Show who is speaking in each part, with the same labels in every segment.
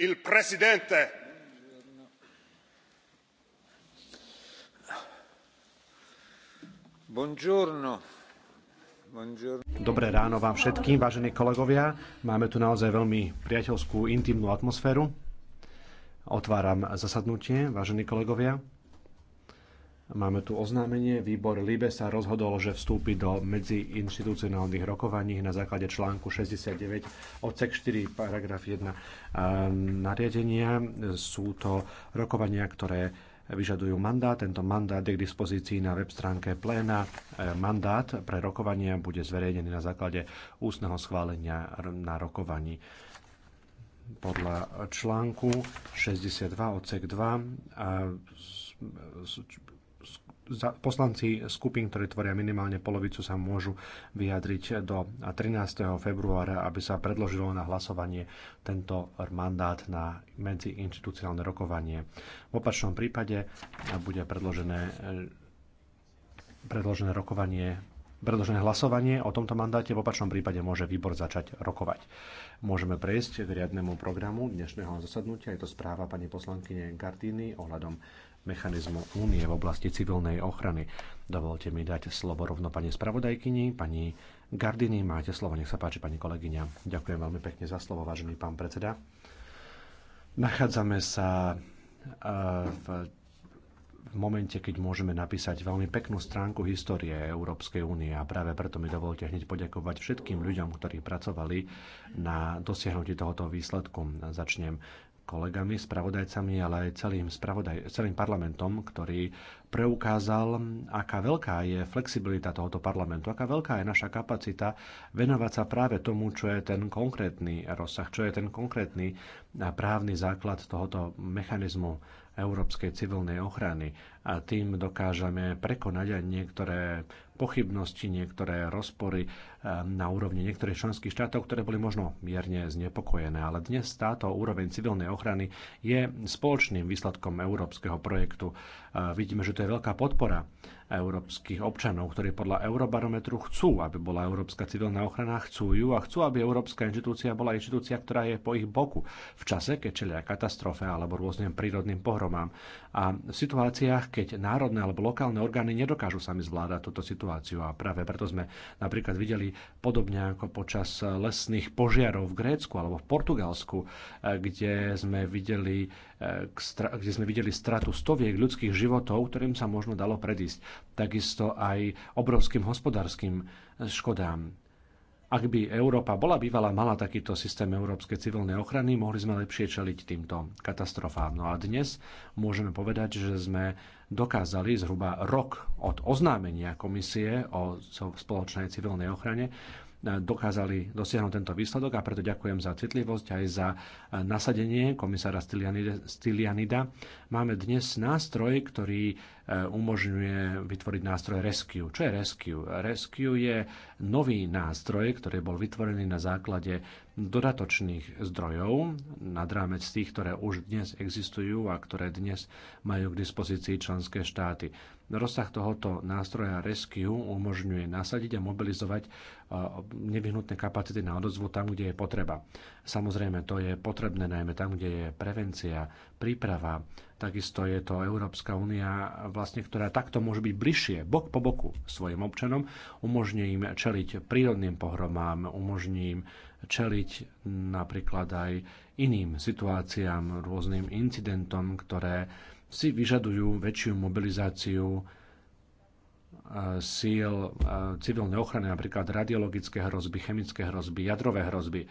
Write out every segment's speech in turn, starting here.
Speaker 1: il presidente Dobré
Speaker 2: ráno vám všetkým, vážení kolegovia. Máme tu naozaj veľmi priateľskú, intimnú atmosféru. Otváram zasadnutie, vážení kolegovia. Máme tu oznámenie. Výbor Libe sa rozhodol, že vstúpi do medziinstitucionálnych rokovaní na základe článku 69 odsek 4 paragraf 1 e, nariadenia. Sú to rokovania, ktoré vyžadujú mandát. Tento mandát je k dispozícii na web stránke pléna. E, mandát pre rokovania bude zverejnený na základe ústneho schválenia na rokovaní podľa článku 62 odsek 2 poslanci skupín, ktorí tvoria minimálne polovicu, sa môžu vyjadriť do 13. februára, aby sa predložilo na hlasovanie tento mandát na medziinstitucionálne rokovanie. V opačnom prípade bude predložené, predložené rokovanie predložené hlasovanie o tomto mandáte. V opačnom prípade môže výbor začať rokovať. Môžeme prejsť k riadnemu programu dnešného zasadnutia. Je to správa pani poslankyne Gardíny ohľadom mechanizmu únie v oblasti civilnej ochrany. Dovolte mi dať slovo rovno pani spravodajkyni, pani Gardini. Máte slovo, nech sa páči, pani kolegyňa. Ďakujem veľmi pekne za slovo, vážený pán predseda. Nachádzame sa e, v v momente, keď môžeme napísať veľmi peknú stránku histórie Európskej únie a práve preto mi dovolte hneď poďakovať všetkým ľuďom, ktorí pracovali na dosiahnutí tohoto výsledku. Začnem kolegami, spravodajcami, ale aj celým, spravodaj, celým parlamentom, ktorý preukázal, aká veľká je flexibilita tohoto parlamentu, aká veľká je naša kapacita venovať sa práve tomu, čo je ten konkrétny rozsah, čo je ten konkrétny právny základ tohoto mechanizmu európskej civilnej ochrany a tým dokážeme prekonať aj niektoré pochybnosti, niektoré rozpory eh, na úrovni niektorých členských štátov, ktoré boli možno mierne znepokojené. Ale dnes táto úroveň civilnej ochrany je spoločným výsledkom európskeho projektu. Vidíme, že to je veľká podpora európskych občanov, ktorí podľa Eurobarometru chcú, aby bola Európska civilná ochrana, chcú ju a chcú, aby Európska inštitúcia bola inštitúcia, ktorá je po ich boku v čase, keď čelia katastrofe alebo rôznym prírodným pohromám. A v situáciách, keď národné alebo lokálne orgány nedokážu sami zvládať túto situáciu. A práve preto sme napríklad videli podobne ako počas lesných požiarov v Grécku alebo v Portugalsku, eh, kde sme videli kde sme videli stratu stoviek ľudských životov, ktorým sa možno dalo predísť. Takisto aj obrovským hospodárskym škodám. Ak by Európa bola bývala, mala takýto systém európskej civilnej ochrany, mohli sme lepšie čeliť týmto katastrofám. No a dnes môžeme povedať, že sme dokázali zhruba rok od oznámenia komisie o spoločnej civilnej ochrane dokázali dosiahnuť tento výsledok a preto ďakujem za citlivosť aj za e, nasadenie komisára Stylianida. Máme dnes nástroj, ktorý Eh, umožňuje vytvoriť nástroj Rescue. Čo je Rescue? Rescue je nový nástroj, ktorý bol vytvorený na základe dodatočných zdrojov nad rámec tých, ktoré už dnes existujú a ktoré dnes majú k dispozícii členské štáty. Rozsah tohoto nástroja Rescue umožňuje nasadiť a mobilizovať eh, nevyhnutné kapacity na odozvu tam, kde je potreba. Samozrejme, to je potrebné najmä tam, kde je prevencia, príprava. Takisto je to Európska únia, vlastne, ktorá takto môže byť bližšie, bok po boku svojim občanom, umožní im čeliť prírodným pohromám, umožní im čeliť napríklad aj iným situáciám, rôznym incidentom, ktoré si vyžadujú väčšiu mobilizáciu e, síl e, civilnej ochrany, napríklad radiologické hrozby, chemické hrozby, jadrové hrozby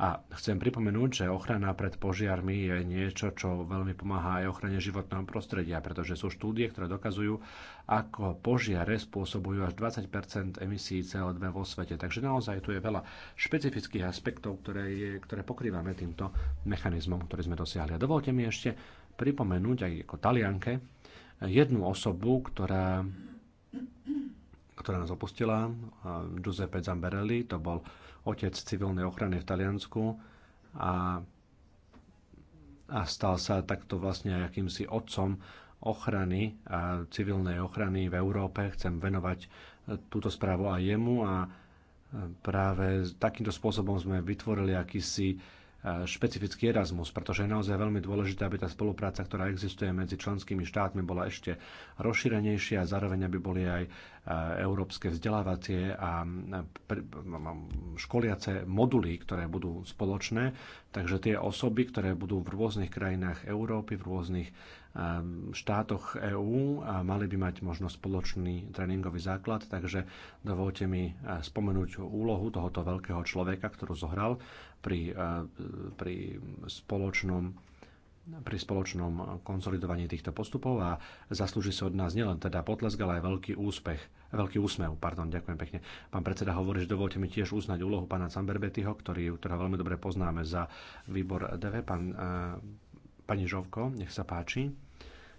Speaker 2: a chcem pripomenúť, že ochrana pred požiarmi je niečo, čo veľmi pomáha aj ochrane životného prostredia, pretože sú štúdie, ktoré dokazujú, ako požiare spôsobujú až 20 emisí CO2 vo svete. Takže naozaj tu je veľa špecifických aspektov, ktoré, je, ktoré pokrývame týmto mechanizmom, ktorý sme dosiahli. A dovolte mi ešte pripomenúť aj ako talianke jednu osobu, ktorá ktorá nás opustila, Giuseppe Zamberelli, to bol otec civilnej ochrany v Taliansku a, a stal sa takto vlastne akýmsi otcom ochrany, a civilnej ochrany v Európe. Chcem venovať e, túto správu aj jemu a e, práve takýmto spôsobom sme vytvorili akýsi špecifický Erasmus, pretože je naozaj veľmi dôležité, aby tá spolupráca, ktorá existuje medzi členskými štátmi, bola ešte rozšírenejšia a zároveň aby boli aj e, európske vzdelávacie a e, školiace moduly, ktoré budú spoločné. Takže tie osoby, ktoré budú v rôznych krajinách Európy, v rôznych štátoch EÚ a mali by mať možno spoločný tréningový základ, takže dovolte mi eh, spomenúť úlohu tohoto veľkého človeka, ktorú zohral pri, eh, pri spoločnom pri spoločnom konsolidovaní týchto postupov a zaslúži sa od nás nielen teda potlesk, ale aj veľký úspech, veľký úsmev. Pardon, ďakujem pekne. Pán predseda hovorí, že dovolte mi tiež uznať úlohu pána Camberbetyho, ktorý, ktorého veľmi dobre poznáme za výbor DV. Pán eh, Pani Žovko, nech sa páči.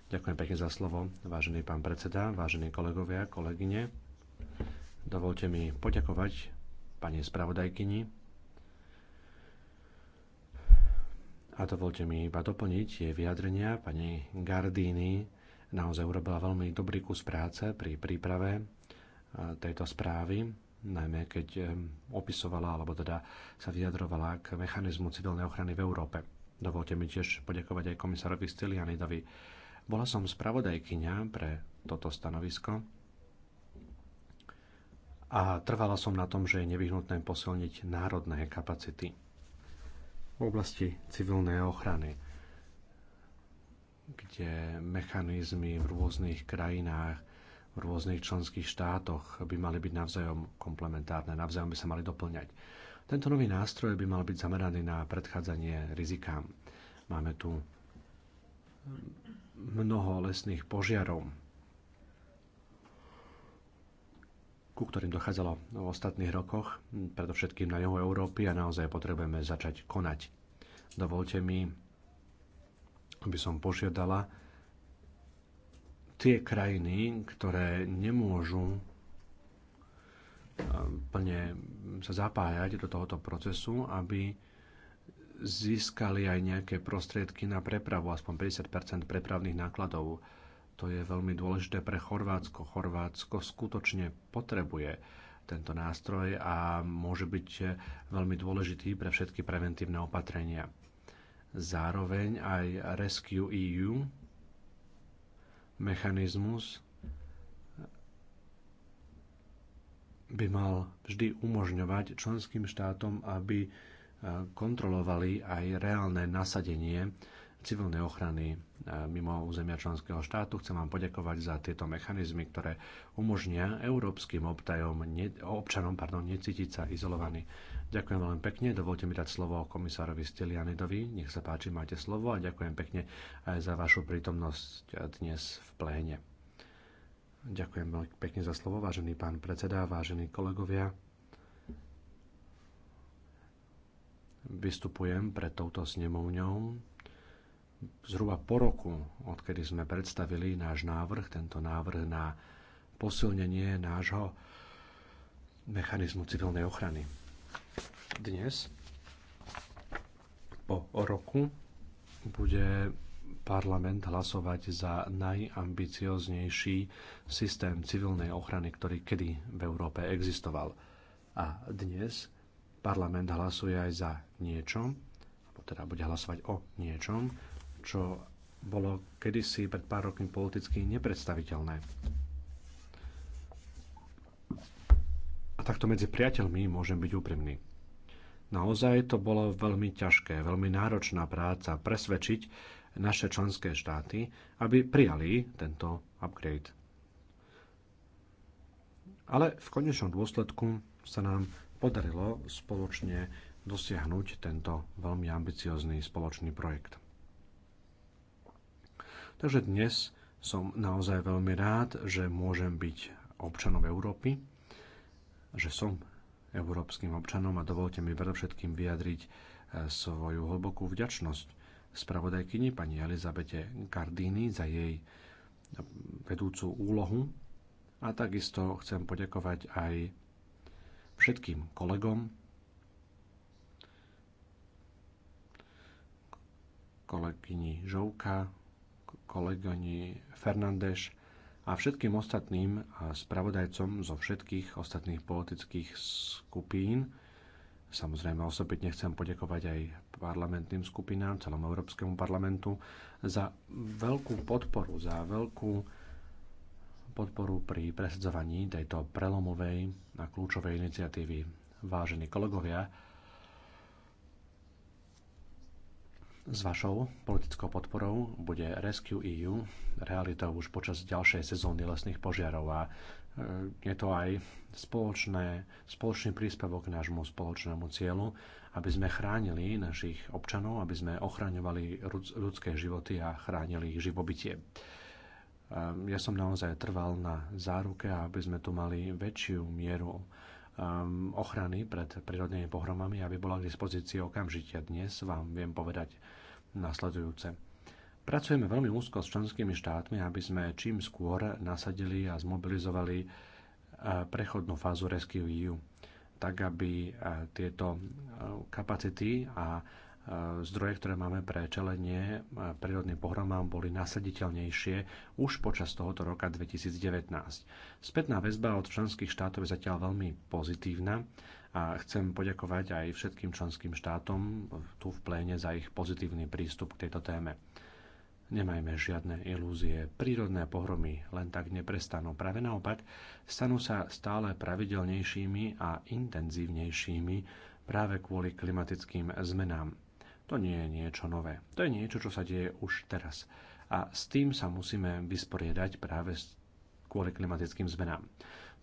Speaker 2: Ďakujem pekne za slovo, vážený pán predseda, vážení kolegovia, kolegyne. Dovolte mi poďakovať pani spravodajkyni a dovolte mi iba doplniť jej vyjadrenia. Pani Gardini naozaj urobila veľmi dobrý kus práce pri príprave e, tejto správy, najmä keď e, opisovala, alebo teda sa vyjadrovala k mechanizmu civilnej ochrany v Európe Dovolte mi tiež poďakovať aj komisárovi Stylianidovi. Bola som spravodajkyňa pre toto stanovisko a trvala som na tom, že je nevyhnutné posilniť národné kapacity v oblasti civilnej ochrany, kde mechanizmy v rôznych krajinách v rôznych členských štátoch by mali byť navzájom komplementárne, navzájom by sa mali doplňať. Tento nový nástroj by mal byť zameraný na predchádzanie rizikám. Máme tu mnoho lesných požiarov, ku ktorým dochádzalo v ostatných rokoch, predovšetkým na juhu Európy a naozaj potrebujeme začať konať. Dovolte mi, aby som požiadala tie krajiny, ktoré nemôžu plne sa zapájať do tohoto procesu, aby získali aj nejaké prostriedky na prepravu, aspoň 50 prepravných nákladov. To je veľmi dôležité pre Chorvátsko. Chorvátsko skutočne potrebuje tento nástroj a môže byť veľmi dôležitý pre všetky preventívne opatrenia. Zároveň aj Rescue EU, mechanizmus, by mal vždy umožňovať členským štátom, aby e, kontrolovali aj reálne nasadenie civilnej ochrany e, mimo územia členského štátu. Chcem vám poďakovať za tieto mechanizmy, ktoré umožnia európskym obtajom, ne, občanom pardon, necítiť sa izolovaní. Ďakujem veľmi pekne. Dovolte mi dať slovo komisárovi Stelianidovi. Nech sa páči, máte slovo a ďakujem pekne aj za vašu prítomnosť dnes v pléne. Ďakujem veľmi pekne za slovo, vážený pán predseda, vážení kolegovia. Vystupujem pred touto snemovňou zhruba po roku, odkedy sme predstavili náš návrh, tento návrh na posilnenie nášho mechanizmu civilnej ochrany. Dnes, po roku, bude parlament hlasovať za najambicioznejší systém civilnej ochrany, ktorý kedy v Európe existoval. A dnes parlament hlasuje aj za niečo, alebo teda bude hlasovať o niečom, čo bolo kedysi pred pár rokmi politicky nepredstaviteľné. A takto medzi priateľmi môžem byť úprimný. Naozaj to bolo veľmi ťažké, veľmi náročná práca presvedčiť naše členské štáty, aby prijali tento upgrade. Ale v konečnom dôsledku sa nám podarilo spoločne dosiahnuť tento veľmi ambiciózny spoločný projekt. Takže dnes som naozaj veľmi rád, že môžem byť občanom Európy, že som európskym občanom a dovolte mi predovšetkým vyjadriť eh, svoju hlbokú vďačnosť spravodajkyni pani Elizabete Gardini za jej vedúcu úlohu a takisto chcem poďakovať aj všetkým kolegom, kolegyni Žovka, kolegyni Fernández a všetkým ostatným spravodajcom zo všetkých ostatných politických skupín. Samozrejme osobitne chcem poďakovať aj parlamentným skupinám, celom Európskemu parlamentu za veľkú podporu, za veľkú podporu pri presadzovaní tejto prelomovej a kľúčovej iniciatívy. Vážení kolegovia, S vašou politickou podporou bude Rescue EU realitou už počas ďalšej sezóny lesných požiarov a E, je to aj spoločné, spoločný príspevok k nášmu spoločnému cieľu, aby sme chránili našich občanov, aby sme ochraňovali ľudské životy a chránili ich živobytie. E, ja som naozaj trval na záruke, aby sme tu mali väčšiu mieru e, ochrany pred prírodnými pohromami, aby bola k dispozícii okamžite. Dnes vám viem povedať nasledujúce Pracujeme veľmi úzko s členskými štátmi, aby sme čím skôr nasadili a zmobilizovali e, prechodnú fázu Rescue EU, tak aby e, tieto e, kapacity a zdroje, ktoré máme pre čelenie prírodným pohromám, boli nasaditeľnejšie už počas tohoto roka 2019. Spätná väzba od členských štátov je zatiaľ veľmi pozitívna a chcem poďakovať aj všetkým členským štátom tu v pléne za ich pozitívny prístup k tejto téme. Nemajme žiadne ilúzie. Prírodné pohromy len tak neprestanú. Práve naopak, stanú sa stále pravidelnejšími a intenzívnejšími práve kvôli klimatickým zmenám. To nie je niečo nové. To je niečo, čo sa deje už teraz. A s tým sa musíme vysporiadať práve s kvôli klimatickým zmenám.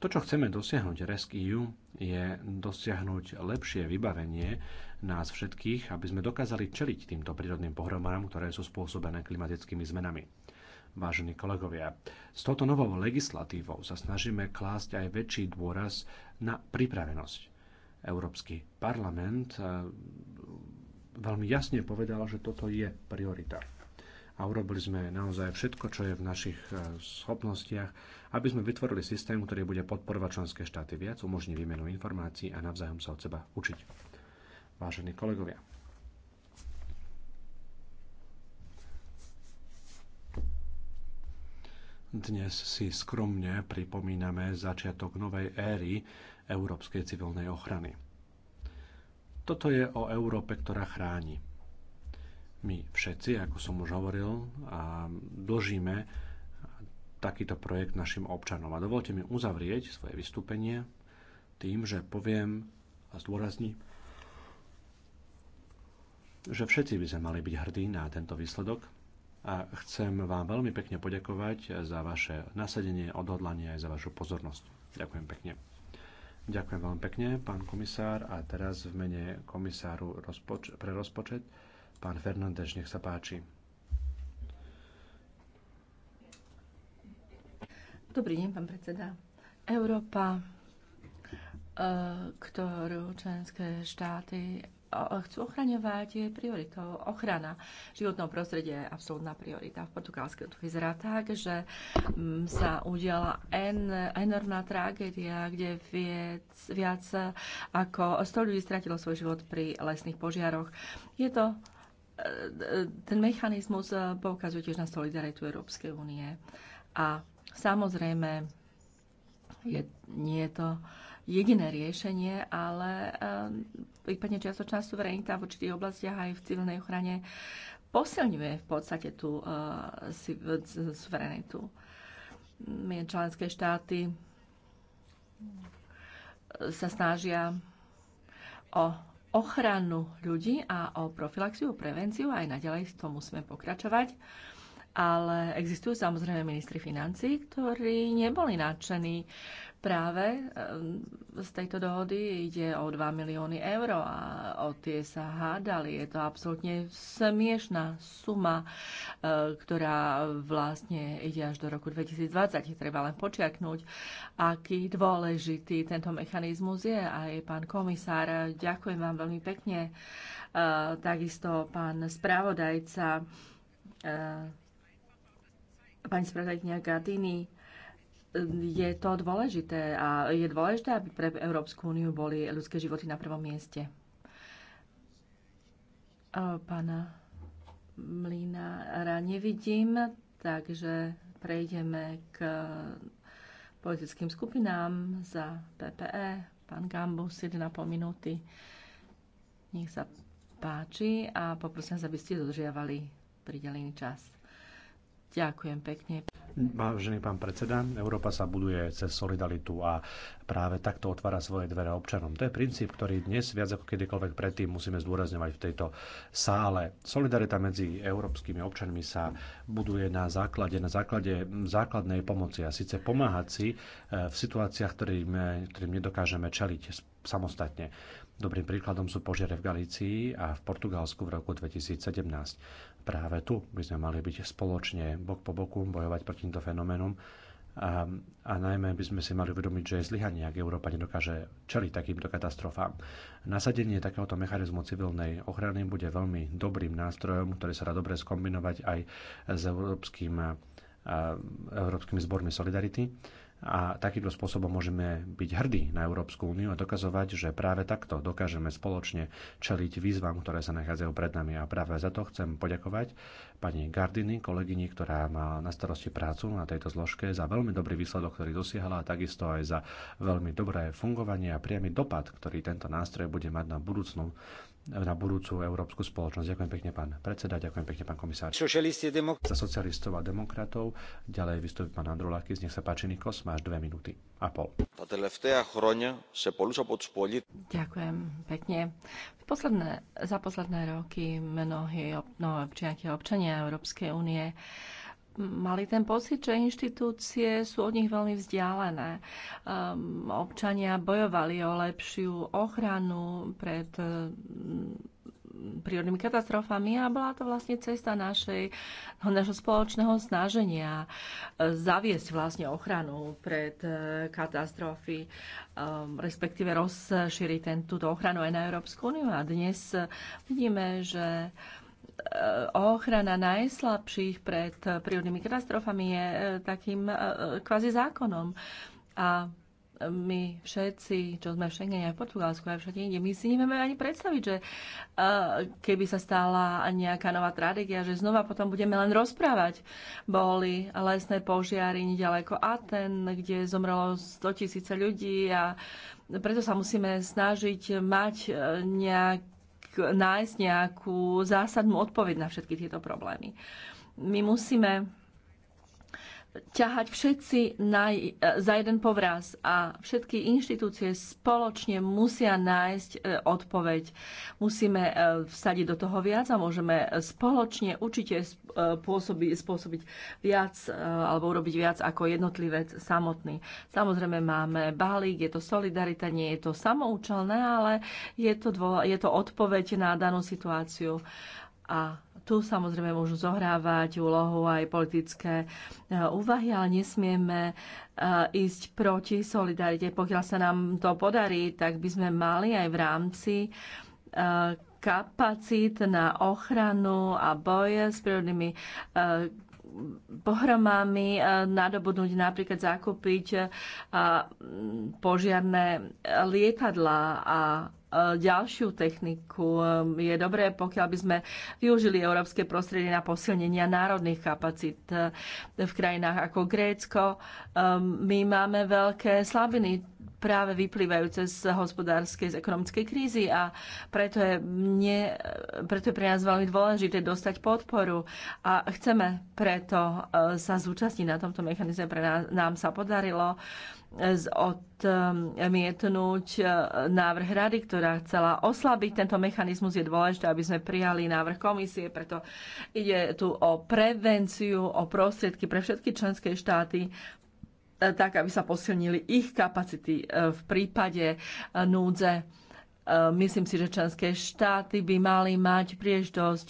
Speaker 2: To, čo chceme dosiahnuť RescEU, je dosiahnuť lepšie vybavenie nás všetkých, aby sme dokázali čeliť týmto prírodným pohromám, ktoré sú spôsobené klimatickými zmenami. Vážení kolegovia, s touto novou legislatívou sa snažíme klásť aj väčší dôraz na pripravenosť. Európsky parlament eh, veľmi jasne povedal, že toto je priorita a urobili sme naozaj všetko, čo je v našich e, schopnostiach, aby sme vytvorili systém, ktorý bude podporovať členské štáty viac, umožní výmenu informácií a navzájom sa od seba učiť. Vážení kolegovia, Dnes si skromne pripomíname začiatok novej éry európskej civilnej ochrany. Toto je o Európe, ktorá chráni. My všetci, ako som už hovoril, dlžíme takýto projekt našim občanom. A dovolte mi uzavrieť svoje vystúpenie tým, že poviem a zdôrazním, že všetci by sme mali byť hrdí na tento výsledok a chcem vám veľmi pekne poďakovať za vaše nasadenie, odhodlanie aj za vašu pozornosť. Ďakujem pekne. Ďakujem veľmi pekne, pán komisár. A teraz v mene komisáru rozpoč- pre rozpočet Pán Fernández, nech sa páči.
Speaker 1: Dobrý deň, pán predseda. Európa, e, ktorú členské štáty chcú ochraňovať, je prioritou ochrana životného prostredia, je absolútna priorita. V Portugalsku to vyzerá tak, že mm, sa udiala en, enormná tragédia, kde viac, viac ako 100 ľudí stratilo svoj život pri lesných požiaroch. Je to ten mechanizmus eh, poukazuje tiež na solidaritu Európskej únie. A samozrejme, je, nie je to jediné riešenie, ale eh, prípadne čiastočná suverenita v určitých oblastiach aj v civilnej ochrane posilňuje v podstate tú uh, suverenitu. My, členské štáty sa snažia o ochranu ľudí a o profilaxiu, prevenciu. Aj naďalej tom musíme pokračovať. Ale existujú samozrejme ministri financí, ktorí neboli nadšení Práve e, z tejto dohody ide o 2 milióny eur a o tie sa hádali. Je to absolútne smiešná suma, e, ktorá vlastne ide až do roku 2020. je Treba len počiaknúť, aký dôležitý tento mechanizmus je. a Aj pán komisár, ďakujem vám veľmi pekne. E, takisto pán spravodajca, pani spravodajkňa Gatini, je to dôležité a je dôležité, aby pre Európsku úniu boli ľudské životy na prvom mieste. Pána Mlinára nevidím, takže prejdeme k politickým skupinám za PPE. Pán Gambus, 1,5 minúty. Nech sa páči a poprosím aby ste dodržiavali pridelený čas. Ďakujem pekne.
Speaker 2: Vážený pán predseda, Európa sa buduje cez solidaritu a práve takto otvára svoje dvere občanom. To je princíp, ktorý dnes viac ako kedykoľvek predtým musíme zdôrazňovať v tejto sále. Solidarita medzi európskymi občanmi sa buduje na základe, na základe základnej pomoci a síce pomáhať si eh, v situáciách, ktorým, eh, ktorým nedokážeme čeliť samostatne. Dobrým príkladom sú požiare v Galícii a v Portugalsku v roku 2017 práve tu by sme mali byť spoločne bok po boku bojovať proti týmto fenoménom a, a najmä by sme si mali uvedomiť, že je zlyhanie, ak Európa nedokáže čeliť takýmto katastrofám. Nasadenie takéhoto mechanizmu civilnej ochrany bude veľmi dobrým nástrojom, ktorý sa dá dobre skombinovať aj s európskym, európskymi zbormi Solidarity a takýmto spôsobom môžeme byť hrdí na Európsku úniu a dokazovať, že práve takto dokážeme spoločne čeliť výzvam, ktoré sa nachádzajú pred nami. A práve za to chcem poďakovať pani Gardiny, kolegyni, ktorá má na starosti prácu na tejto zložke, za veľmi dobrý výsledok, ktorý dosiahla a takisto aj za veľmi dobré fungovanie a priamy dopad, ktorý tento nástroj bude mať na budúcnú na budúcu európsku spoločnosť. Ďakujem pekne, pán predseda, ďakujem pekne, pán komisár. Demok- Za socialistov a demokratov ďalej vystúpi pán Andrulakis. Nech sa páči, Nikos, máš dve minúty a pol. Ďakujem
Speaker 1: pekne. Posledné, za posledné roky mnohí mnoho občianky občania Európskej únie mali ten pocit, že inštitúcie sú od nich veľmi vzdialené. Um, občania bojovali o lepšiu ochranu pred um, prírodnými katastrofami a bola to vlastne cesta našej, no, našho spoločného snaženia ehm, zaviesť vlastne ochranu pred katastrofy, um, respektíve rozšíriť túto ochranu aj na Európsku úniu. A dnes vidíme, že um, E, ochrana najslabších pred prírodnými katastrofami je e, takým e, kvázi zákonom. A my všetci, čo sme v Schengene, aj v Portugalsku, aj všade inde, my si nevieme ani predstaviť, že keby sa stala nejaká nová stratégia, že znova potom budeme len rozprávať. Boli lesné požiary nedaleko Aten, kde zomrelo 100 tisíce ľudí a preto sa musíme snažiť mať nejak nájsť nejakú zásadnú odpoveď na všetky tieto problémy. My musíme ťahať všetci na, e, za jeden povraz a všetky inštitúcie spoločne musia nájsť e, odpoveď. Musíme e, vsadiť do toho viac a môžeme spoločne určite spôsobiť, spôsobiť viac alebo urobiť viac ako jednotlivec samotný. Samozrejme máme balík, je to solidarita, nie je to samoučelné, ale je to, dvo, je to odpoveď na danú situáciu. A tu samozrejme môžu zohrávať úlohu aj politické eh, úvahy, ale nesmieme eh, ísť proti solidarite. Pokiaľ sa nám to podarí, tak by sme mali aj v rámci eh, kapacít na ochranu a boje s prírodnými pohromami nadobudnúť napríklad zakúpiť požiarné lietadla a E, ďalšiu techniku. E, je dobré, pokiaľ by sme využili európske prostredie na posilnenia národných kapacít e, v krajinách ako Grécko. My máme veľké slabiny práve vyplývajúce z hospodárskej, z ekonomickej krízy a preto je, mne, preto je pre nás veľmi dôležité dostať podporu a chceme preto sa zúčastniť na tomto mechanizme. Pre nás, nám sa podarilo uh, odmietnúť ehm, e, návrh rady, ktorá chcela oslabiť tento mechanizmus. Je dôležité, aby sme prijali návrh komisie, preto ide tu o prevenciu, o prostriedky pre všetky členské štáty, e, tak aby sa posilnili ich kapacity e, v prípade núdze. Myslím si, že členské štáty by mali mať priežitosť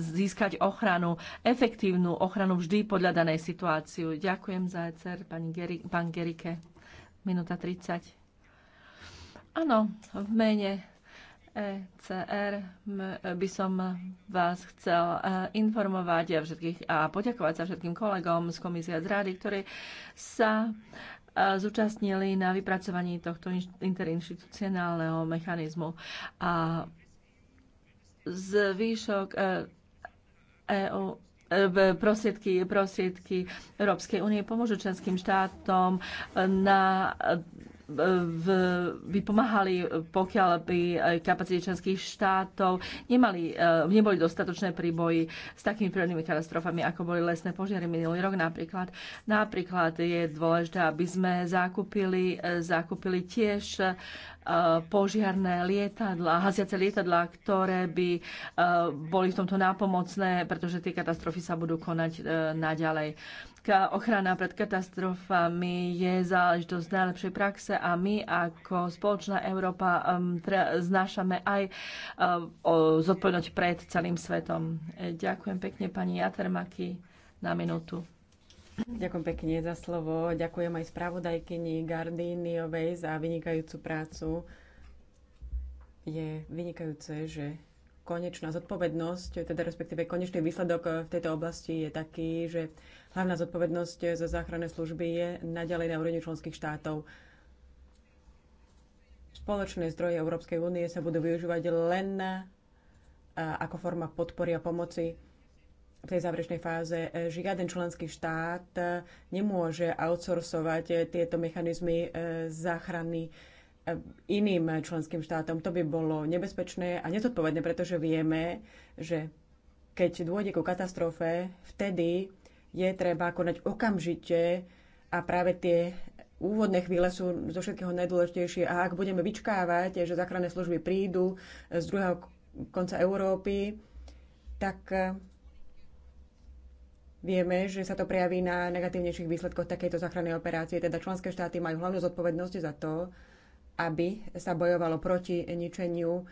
Speaker 1: získať ochranu, efektívnu ochranu vždy podľa danej situáciu. Ďakujem za ECR, pani Geri, pán Gerike. Minúta 30. Áno, v mene ECR by som vás chcel e, informovať a, všetkých, a poďakovať sa všetkým kolegom z komisie z rady, ktorí sa e, zúčastnili na vypracovaní tohto interinstitucionálneho mechanizmu. A zvýšok EU eh, e eh, prostriedky, prostriedky Európskej únie pomôžu členským štátom na by pomáhali, pokiaľ by eh, kapacity členských štátov nemali, eh, neboli dostatočné príboji s takými prírodnými katastrofami, ako boli lesné požiary minulý rok napríklad. Napríklad je dôležité, aby sme zakúpili, eh, zakúpili tiež požiarné lietadla, haziace lietadla, ktoré by boli v tomto nápomocné, pretože tie katastrofy sa budú konať naďalej. Klimatická ochrana pred katastrofami je záležitosť najlepšej praxe a my ako spoločná Európa um, znášame aj um, zodpovednosť pred celým svetom. E, ďakujem pekne pani Jatermaky na minútu. Ďakujem pekne za slovo. Ďakujem aj
Speaker 3: spravodajkyni Gardiniovej za vynikajúcu prácu. Je vynikajúce, že konečná zodpovednosť, teda respektíve konečný výsledok v tejto oblasti je taký, že Hlavná zodpovednosť za záchranné služby je naďalej na úrovni členských štátov. Spoločné zdroje Európskej únie sa budú využívať len ako forma podpory a pomoci v tej záverečnej fáze. E, žiaden členský štát e, nemôže outsourcovať e, tieto mechanizmy záchrany iným členským štátom. To by bolo nebezpečné a nezodpovedné, pretože vieme, že keď dôjde ku katastrofe, vtedy je treba konať okamžite a práve tie úvodné chvíle sú zo všetkého najdôležitejšie. A ak budeme vyčkávať, že záchranné služby prídu z druhého konca Európy, tak eh, vieme, že sa to prejaví na negatívnejších výsledkoch takejto záchrannej operácie. Teda členské štáty majú hlavnú zodpovednosť za to, aby sa bojovalo proti ničeniu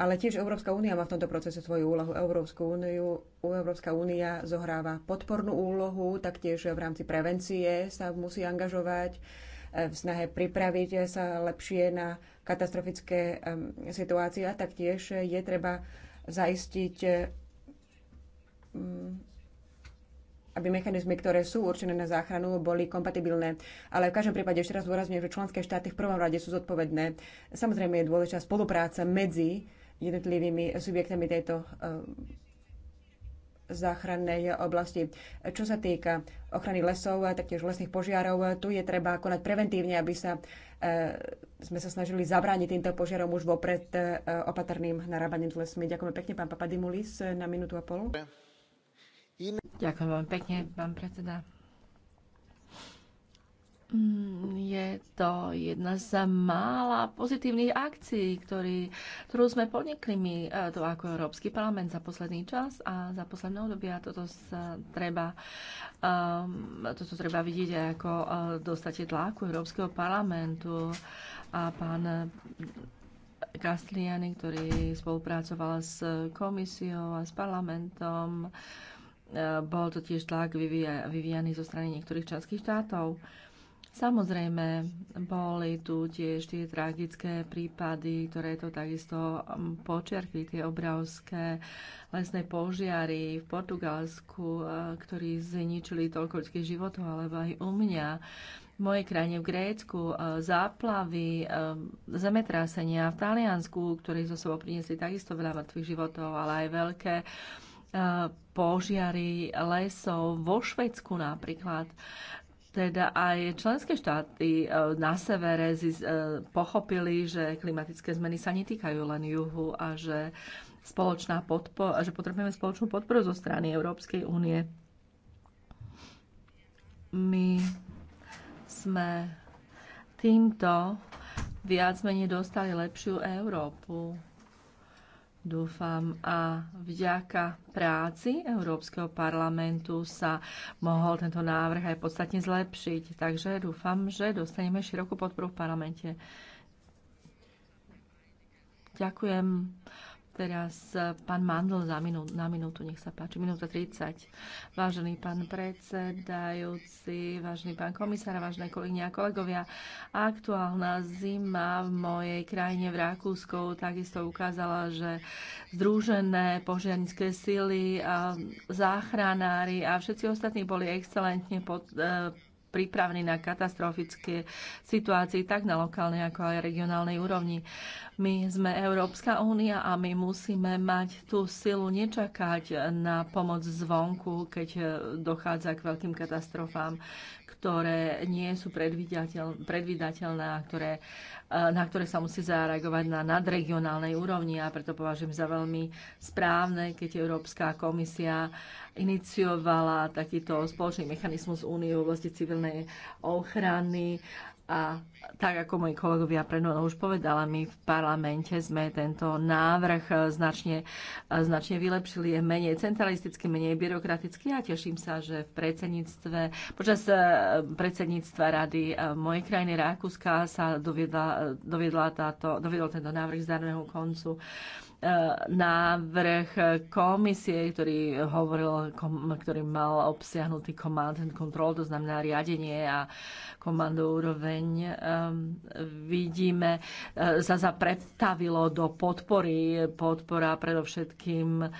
Speaker 3: ale tiež Európska únia má v tomto procese svoju úlohu. Európsku úniu, Európska únia zohráva podpornú úlohu, taktiež v rámci prevencie sa musí angažovať e, v snahe pripraviť sa lepšie na katastrofické situácie a taktiež je treba zaistiť, e, mm, aby mechanizmy, ktoré sú určené na záchranu, boli kompatibilné. Ale v každom prípade ešte raz dôrazňujem, že členské štáty v prvom rade sú zodpovedné. Samozrejme je dôležitá spolupráca medzi jednotlivými subjektami tejto eh, záchrannej oblasti. Čo sa týka ochrany lesov a taktiež lesných požiarov, tu je treba konať preventívne, aby sa, e, sme sa snažili zabrániť týmto požiarom už vopred e, opatrným narábaním s lesmi. Ďakujem pekne, pán Papadimulis, na minútu a pol.
Speaker 1: Ďakujem veľmi pekne, pán predseda. Mm, je to jedna z mála pozitívnych akcií, ktorý, ktorú sme podnikli my e, tu ako Európsky parlament za posledný čas a za posledné obdobie. Toto sa treba, um, toto treba vidieť aj ako uh, e, dostate tláku Európskeho parlamentu a pán Castriani, ktorý spolupracoval s komisiou a s parlamentom, e, bol to tiež tlak vyvíjaný zo strany niektorých členských štátov. Uh, Samozrejme, boli tu tiež tie tragické prípady, ktoré to takisto um, počerkli, tie obrovské lesné požiary v Portugalsku, uh, ktorí zničili toľko ľudských životov, alebo aj u mňa. V mojej krajine v Grécku uh, záplavy, um, zemetrasenia v Taliansku, ktorí zo sebou priniesli takisto veľa mŕtvych životov, ale aj veľké uh, požiary lesov vo Švedsku napríklad. Teda aj členské štáty e, na severe e, pochopili, že klimatické zmeny sa netýkajú len juhu a že, spoločná a že potrebujeme spoločnú podporu zo strany Európskej únie. My sme týmto viac menej dostali lepšiu Európu Dúfam a vďaka práci Európskeho parlamentu sa mohol tento návrh aj podstatne zlepšiť. Takže dúfam, že dostaneme širokú podporu v parlamente. Ďakujem Teraz e, pán Mandl za minú, na minútu, nech sa páči, minúta 30. Vážený pán predsedajúci, vážený pán komisár, vážené kolegyne a kolegovia, aktuálna zima v mojej krajine v Rakúsku takisto ukázala, že združené požiarnické sily, záchranári a všetci ostatní boli excelentne pod, e, pripravení na katastrofické situácie, tak na lokálnej ako aj regionálnej úrovni. My sme Európska únia a my musíme mať tú silu nečakať na pomoc zvonku, keď dochádza k veľkým katastrofám ktoré nie sú predvydateľné a ktoré, e, na ktoré sa musí zareagovať na nadregionálnej úrovni a preto považujem za veľmi správne, keď Európska komisia iniciovala takýto spoločný mechanizmus únie v oblasti civilnej ochrany a tak ako moji kolegovia predo už povedala, my v parlamente sme tento návrh značne, značne vylepšili. Je menej centralistický, menej byrokratický a teším sa, že v predsedníctve, počas eh, predsedníctva rady eh, mojej krajiny Rakúska sa doviedla, eh, doviedla táto, doviedol tento návrh z koncu návrh komisie, ktorý hovoril, ktorý mal obsiahnutý command and control, to znamená riadenie a komando úroveň, um, vidíme, uh, sa zapredstavilo do podpory. Podpora predovšetkým, uh,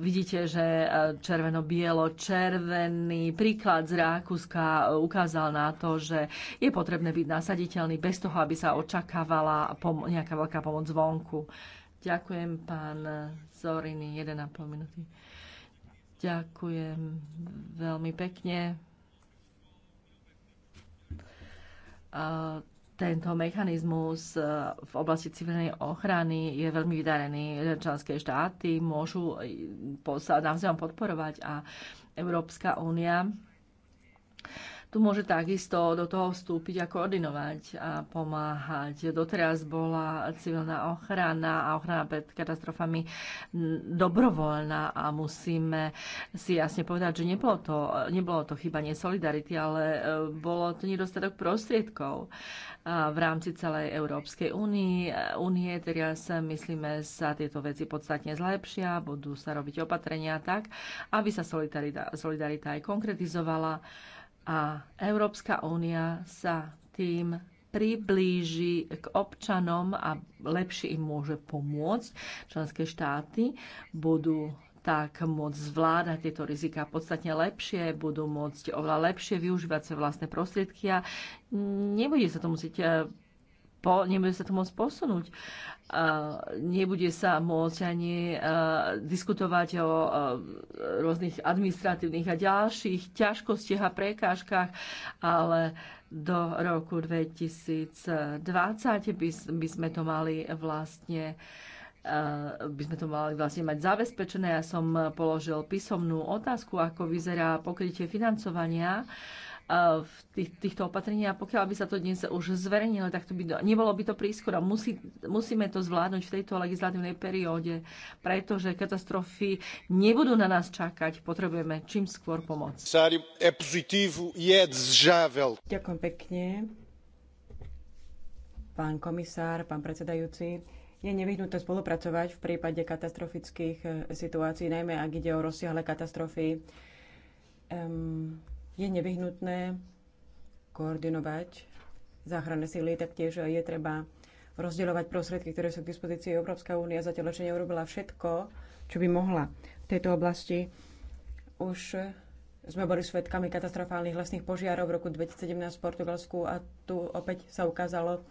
Speaker 1: vidíte, že uh, červeno-bielo-červený príklad z Rakúska ukázal na to, že je potrebné byť nasaditeľný bez toho, aby sa očakávala nejaká veľká pomoc zvonku. Ďakujem, pán Zoriny, 1,5 minúty. Ďakujem veľmi pekne. Tento mechanizmus e, v oblasti civilnej ochrany je veľmi vydarený. Členské štáty môžu e, sa navzájom podporovať a Európska únia tu môže takisto do toho vstúpiť a koordinovať a pomáhať. Doteraz bola civilná ochrana a ochrana pred katastrofami dobrovoľná a musíme si jasne povedať, že nebolo to, nebolo to chýbanie solidarity, ale e, bolo to nedostatok prostriedkov e, v rámci celej Európskej únie. Únie teraz e, myslíme sa tieto veci podstatne zlepšia, budú sa robiť opatrenia tak, aby sa solidarita, solidarita aj konkretizovala a Európska únia sa tým priblíži k občanom a lepšie im môže pomôcť. Členské štáty budú tak môcť zvládať tieto rizika podstatne lepšie, budú môcť oveľa lepšie využívať svoje vlastné prostriedky a nebude sa to musieť eh, po, nebude sa to môcť posunúť. Nebude sa môcť ani diskutovať o rôznych administratívnych a ďalších ťažkostiach a prekážkach, ale do roku 2020 by, by sme to mali vlastne by sme to mali vlastne mať zabezpečené. Ja som položil písomnú otázku, ako vyzerá pokrytie financovania uh, v tých, týchto opatrení a pokiaľ by sa to dnes už zverejnilo, tak to by do, nebolo by to prískoro. Musí, musíme to zvládnuť v tejto legislatívnej perióde, pretože katastrofy nebudú na nás čakať. Potrebujeme čím skôr pomoc.
Speaker 2: E
Speaker 1: Ďakujem pekne.
Speaker 3: Pán komisár, pán predsedajúci, je nevyhnuté spolupracovať v prípade katastrofických e, situácií, najmä ak ide o rozsiahle katastrofy. Um, je nevyhnutné koordinovať záchranné síly, taktiež je treba rozdielovať prostriedky, ktoré sú k dispozícii. Európska únia zatiaľ ešte neurobila všetko, čo by mohla v tejto oblasti. Už sme boli svetkami katastrofálnych lesných požiarov v roku 2017 v Portugalsku a tu opäť sa ukázalo,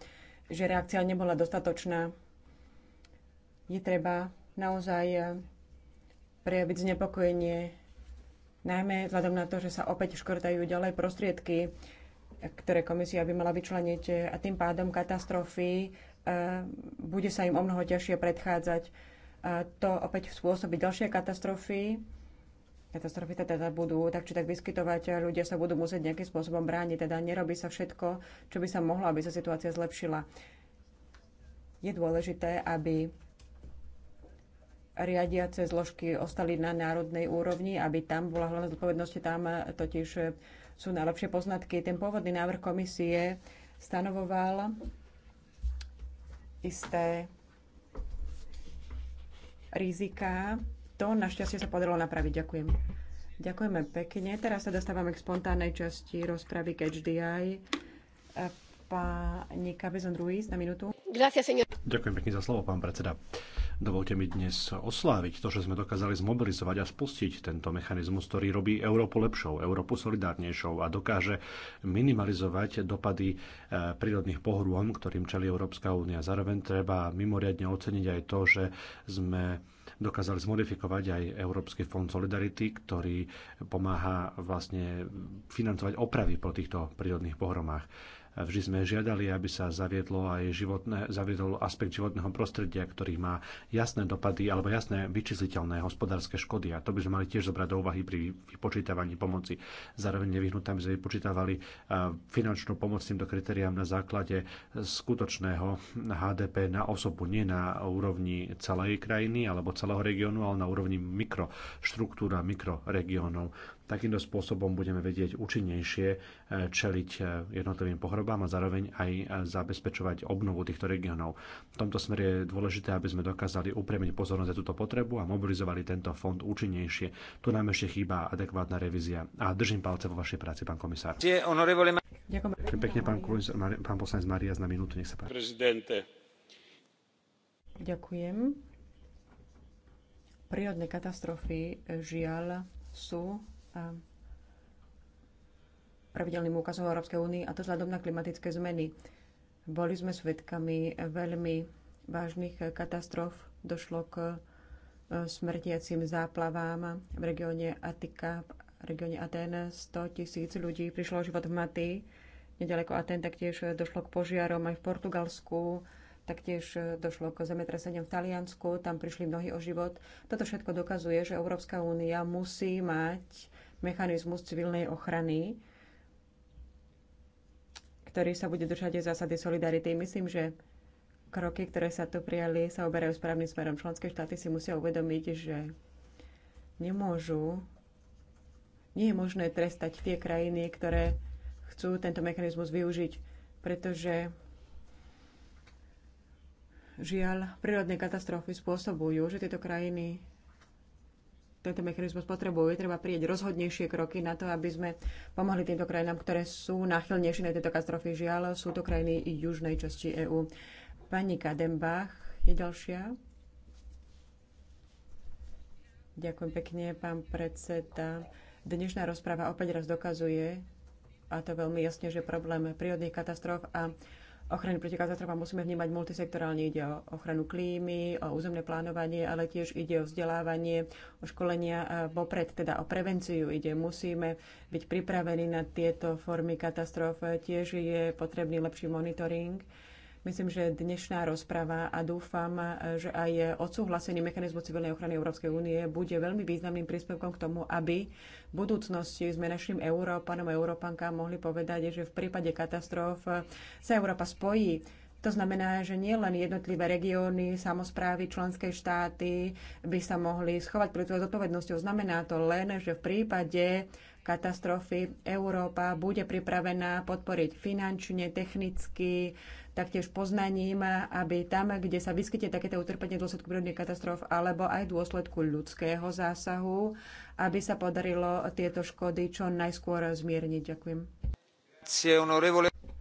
Speaker 3: že reakcia nebola dostatočná. Je treba naozaj prejaviť znepokojenie najmä vzhľadom na to, že sa opäť škrtajú ďalej prostriedky, ktoré komisia by mala vyčleniť a tým pádom katastrofy e, bude sa im o mnoho ťažšie predchádzať. A e, to opäť spôsobí ďalšie katastrofy. Katastrofy teda budú tak či tak vyskytovať, ľudia sa budú musieť nejakým spôsobom brániť, teda nerobí sa všetko, čo by sa mohlo, aby sa situácia zlepšila. Je dôležité, aby riadiace zložky ostali na národnej úrovni, aby tam bola hlavná zodpovednosť, tam totiž sú najlepšie poznatky. Ten pôvodný návrh komisie stanovoval isté rizika. To našťastie sa podarilo napraviť. Ďakujem. Ďakujeme pekne. Teraz sa dostávame k spontánnej časti rozpravy k HDI. Pani Cabezon Ruiz na minútu. Ďakujem
Speaker 2: pekne za slovo, pán predseda. Uh, Dovolte mi dnes osláviť to, že sme dokázali zmobilizovať a spustiť tento mechanizmus, ktorý robí Európu lepšou, Európu solidárnejšou a dokáže minimalizovať dopady e, prírodných pohrôm, ktorým čeli Európska únia. Zároveň treba mimoriadne oceniť aj to, že sme dokázali zmodifikovať aj Európsky fond Solidarity, ktorý pomáha vlastne financovať opravy po týchto prírodných pohromách. Vždy sme žiadali, aby sa zaviedlo aj životné, zaviedol aspekt životného prostredia, ktorý má jasné dopady alebo jasné vyčísliteľné hospodárske škody. A to by sme mali tiež zobrať do úvahy pri vypočítavaní pomoci. Zároveň nevyhnutá, aby sme vypočítavali finančnú pomoc týmto kritériám na základe skutočného HDP na osobu, nie na úrovni celej krajiny alebo celého regiónu, ale na úrovni mikroštruktúra mikroregiónov. Takýmto spôsobom budeme vedieť účinnejšie e, čeliť e, jednotlivým pohrobám a zároveň aj e, zabezpečovať obnovu týchto regiónov. V tomto smere je dôležité, aby sme dokázali upriamiť pozornosť za túto potrebu a mobilizovali tento fond účinnejšie. Tu nám ešte chýba adekvátna revízia. A držím palce vo vašej práci, pán komisár. Ďakujem pekne, pán, pán poslanec Maria, na minútu, nech sa páči. Prezidente.
Speaker 3: Ďakujem. Prírodné katastrofy žiaľ sú pravidelným úkazom Európskej únie a to vzhľadom na klimatické zmeny. Boli sme svedkami veľmi vážnych katastrof. Došlo k e, smrtiacim záplavám v regióne Atika, v regióne Aten. 100 tisíc ľudí prišlo o život v Maty. Nedaleko Aten taktiež došlo k požiarom aj v Portugalsku. Taktiež došlo k zemetraseniam v Taliansku, tam prišli mnohí o život. Toto všetko dokazuje, že Európska únia musí mať mechanizmus civilnej ochrany, ktorý sa bude držať aj zásady solidarity. Myslím, že kroky, ktoré sa tu prijali, sa oberajú správnym smerom. Členské štáty si musia uvedomiť, že nemôžu, nie je možné trestať tie krajiny, ktoré chcú tento mechanizmus využiť, pretože žiaľ, prírodné katastrofy spôsobujú, že tieto krajiny tento mechanizmus potrebuje. Treba prieť rozhodnejšie kroky na to, aby sme pomohli týmto krajinám, ktoré sú náchylnejšie na tieto katastrofy. Žiaľ, sú to krajiny južnej časti EÚ. Pani Kadembach je ďalšia. Ďakujem pekne, pán predseda. Dnešná rozpráva opäť raz dokazuje, a to veľmi jasne, že problém prírodných katastrof a ochrany proti katastrofám musíme vnímať multisektorálne. Ide o ochranu klímy, o územné plánovanie, ale tiež ide o vzdelávanie, o školenia vopred, teda o prevenciu ide. Musíme byť pripravení na tieto formy katastrof. Tiež je potrebný lepší monitoring Myslím, že dnešná rozprava a dúfam, že aj odsúhlasenie mechanizmu civilnej ochrany Európskej únie bude veľmi významným príspevkom k tomu, aby v budúcnosti sme našim Európanom a Európankám mohli povedať, že v prípade katastrof sa Európa spojí to znamená, že nie len jednotlivé regióny, samozprávy, členské štáty by sa mohli schovať pred svojou zodpovednosťou. Znamená to len, že v prípade katastrofy Európa bude pripravená podporiť finančne, technicky, taktiež poznaním, aby tam, kde sa vyskytne takéto utrpenie dôsledku prírodných katastrof alebo aj dôsledku ľudského zásahu, aby sa podarilo tieto škody čo najskôr zmierniť. Ďakujem.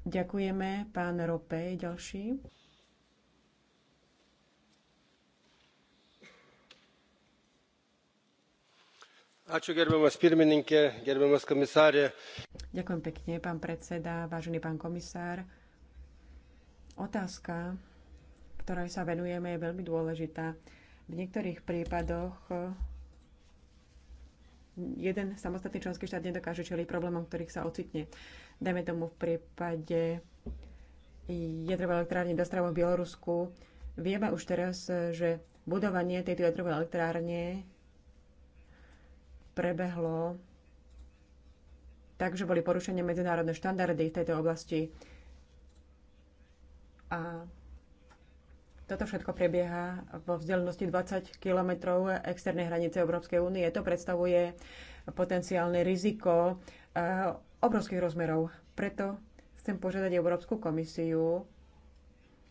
Speaker 3: Ďakujeme. Pán Rope je ďalší.
Speaker 2: Ačiū gerbiamas pirmininkė, gerbiamas komisárie.
Speaker 3: Ďakujem pekne, pán predseda, vážený pán komisár. Otázka, ktorej sa venujeme, je veľmi dôležitá. V niektorých prípadoch eh, jeden samostatný členský štát nedokáže čeliť problémom, ktorých sa ocitne. Dajme tomu v prípade jadrovej elektrárne Dostrava v Bielorusku. Vieme už teraz, že budovanie tejto jadrovej elektrárne prebehlo tak, že boli porušené medzinárodné štandardy v tejto oblasti. A toto všetko prebieha vo vzdialenosti 20 kilometrov externej hranice Európskej únie. To predstavuje potenciálne riziko eh, obrovských rozmerov. Preto chcem požiadať Európsku komisiu,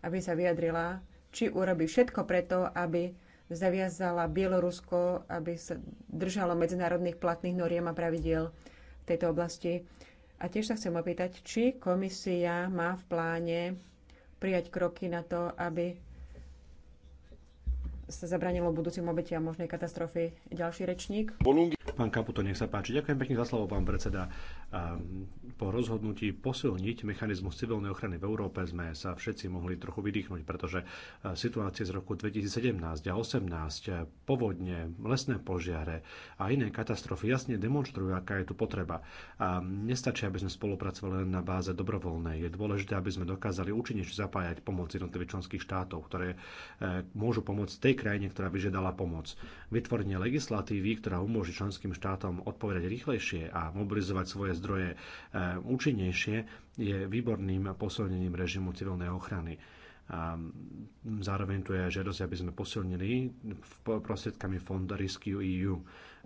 Speaker 3: aby sa vyjadrila, či urobí všetko preto, aby zaviazala Bielorusko, aby sa držalo medzinárodných platných noriem a pravidiel v tejto oblasti. A tiež sa chcem opýtať, či komisia má v pláne prijať kroky na to, aby sa zabranilo budúcim obetiam možnej katastrofy. Ďalší rečník.
Speaker 2: Pán Kaputo, nech sa páči. Ďakujem pekne za slovo, pán predseda. Ehm, po rozhodnutí posilniť mechanizmus civilnej ochrany v Európe sme sa všetci mohli trochu vydýchnuť, pretože e, situácie z roku 2017 a 2018, e, povodne, lesné požiare a iné katastrofy jasne demonstrujú, aká je tu potreba. A nestačí, aby sme spolupracovali len na báze dobrovoľnej. Je dôležité, aby sme dokázali účinnejšie zapájať pomoc jednotlivých členských štátov, ktoré e, môžu pomôcť tej krajine, ktorá vyžiadala pomoc. Vytvorenie legislatívy, ktorá umožní členským štátom odpovedať rýchlejšie a mobilizovať svoje zdroje e, účinnejšie, je výborným posilnením režimu civilnej ochrany. A zároveň tu je žiadosť, aby sme posilnili prostriedkami fond Rescue EU.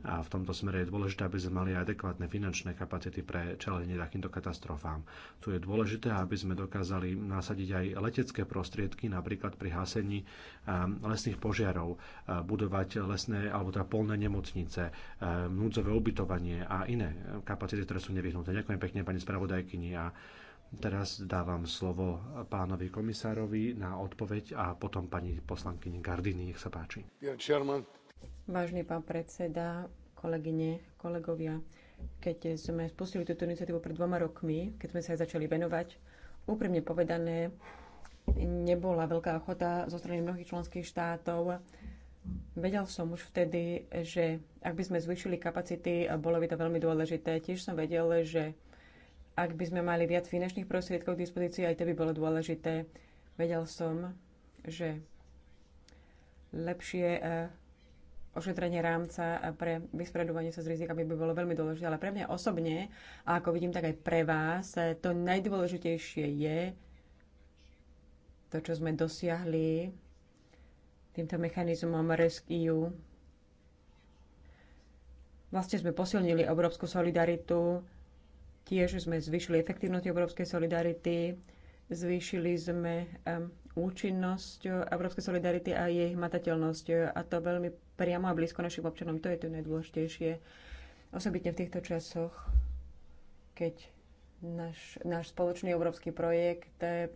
Speaker 2: A v tomto smere je dôležité, aby sme mali adekvátne finančné kapacity pre čelenie takýmto katastrofám. Tu je dôležité, aby sme dokázali nasadiť aj letecké prostriedky, napríklad pri hasení ehm, lesných požiarov, ehm, budovať lesné alebo teda polné nemocnice, ehm, núdzové ubytovanie a iné kapacity, ktoré sú nevyhnuté. Ďakujem pekne pani spravodajkyni a Teraz dávam slovo pánovi komisárovi na odpoveď a potom pani poslankyni Gardini, nech sa páči.
Speaker 3: Vážny pán predseda, kolegyne, kolegovia, keď sme spustili túto iniciatívu pred dvoma rokmi, keď sme sa aj začali venovať, úprimne povedané, nebola veľká ochota zo strany mnohých členských štátov. Vedel som už vtedy, že ak by sme zvýšili kapacity, bolo by to veľmi dôležité. Tiež som vedel, že ak by sme mali viac finančných prostriedkov k dispozícii, aj to by bolo dôležité. Vedel som, že lepšie eh, ošetrenie rámca pre vyspredovanie sa s rizikami by bolo veľmi dôležité, ale pre mňa osobne, a ako vidím, tak aj pre vás, to najdôležitejšie je to, čo sme dosiahli týmto mechanizmom Rescue. Vlastne sme posilnili obrovskú solidaritu, tiež sme zvýšili efektívnosť obrovskej solidarity, zvýšili sme um, účinnosť európskej solidarity a jej hmatateľnosť a to veľmi priamo a blízko našim občanom. To je to najdôležitejšie, osobitne v týchto časoch, keď náš, náš spoločný európsky projekt eh,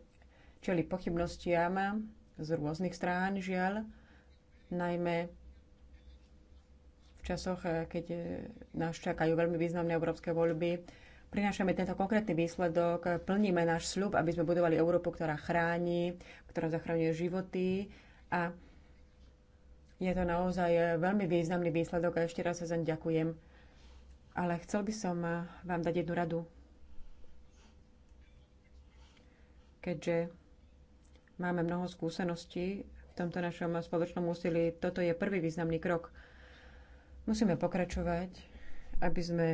Speaker 3: čeli pochybnostiam z rôznych strán, žiaľ, najmä v časoch, eh, keď eh, nás čakajú veľmi významné európske voľby. Prinášame tento konkrétny výsledok, plníme náš sľub, aby sme budovali Európu, ktorá chráni, ktorá zachraňuje životy a je to naozaj eh, veľmi významný výsledok a ešte raz sa zaň ďakujem. Ale chcel by som eh, vám dať jednu radu. Keďže máme mnoho skúseností v tomto našom spoločnom úsilí, toto je prvý významný krok. Musíme pokračovať, aby sme